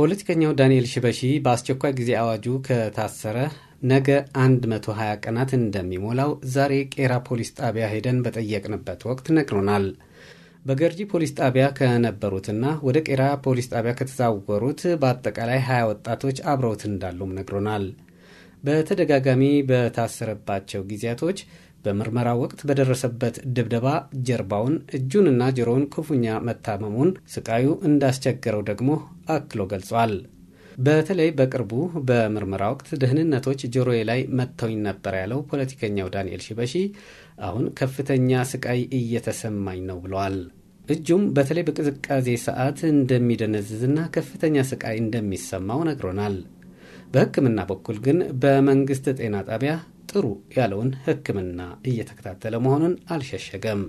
ፖለቲከኛው ዳንኤል ሽበሺ በአስቸኳይ ጊዜ አዋጁ ከታሰረ ነገ 120 ቀናት እንደሚሞላው ዛሬ ቄራ ፖሊስ ጣቢያ ሄደን በጠየቅንበት ወቅት ነግሮናል። በገርጂ ፖሊስ ጣቢያ ከነበሩትና ወደ ቄራ ፖሊስ ጣቢያ ከተዛወሩት በአጠቃላይ 20 ወጣቶች አብረውት እንዳሉም ነግሮናል። በተደጋጋሚ በታሰረባቸው ጊዜያቶች በምርመራ ወቅት በደረሰበት ድብደባ ጀርባውን፣ እጁንና ጆሮውን ክፉኛ መታመሙን፣ ስቃዩ እንዳስቸገረው ደግሞ አክሎ ገልጿል። በተለይ በቅርቡ በምርመራ ወቅት ደህንነቶች ጆሮዬ ላይ መጥተውኝ ነበር ያለው ፖለቲከኛው ዳንኤል ሽበሺ አሁን ከፍተኛ ስቃይ እየተሰማኝ ነው ብለዋል። እጁም በተለይ በቅዝቃዜ ሰዓት እንደሚደነዝዝና ከፍተኛ ስቃይ እንደሚሰማው ነግሮናል። በሕክምና በኩል ግን በመንግስት ጤና ጣቢያ ጥሩ ያለውን ሕክምና እየተከታተለ መሆኑን አልሸሸገም።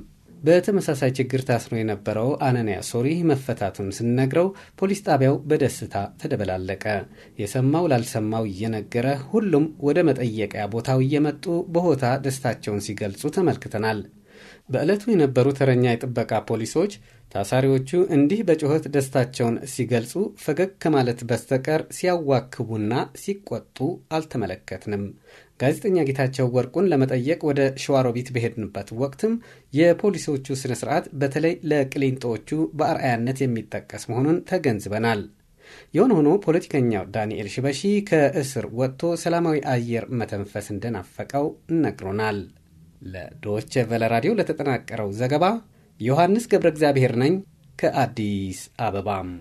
በተመሳሳይ ችግር ታስሮ የነበረው አነንያ ሶሪ መፈታቱን ስንነግረው ፖሊስ ጣቢያው በደስታ ተደበላለቀ። የሰማው ላልሰማው እየነገረ ሁሉም ወደ መጠየቂያ ቦታው እየመጡ በሆታ ደስታቸውን ሲገልጹ ተመልክተናል። በዕለቱ የነበሩ ተረኛ የጥበቃ ፖሊሶች ታሳሪዎቹ እንዲህ በጩኸት ደስታቸውን ሲገልጹ ፈገግ ከማለት በስተቀር ሲያዋክቡና ሲቆጡ አልተመለከትንም። ጋዜጠኛ ጌታቸው ወርቁን ለመጠየቅ ወደ ሸዋሮቢት በሄድንበት ወቅትም የፖሊሶቹ ስነ ስርዓት በተለይ ለቅሊንጦዎቹ በአርአያነት የሚጠቀስ መሆኑን ተገንዝበናል። የሆነ ሆኖ ፖለቲከኛው ዳንኤል ሽበሺ ከእስር ወጥቶ ሰላማዊ አየር መተንፈስ እንደናፈቀው ነግሮናል። ለዶች ቨለ ራዲዮ ለተጠናቀረው ዘገባ ዮሐንስ ገብረ እግዚአብሔር ነኝ ከአዲስ አበባም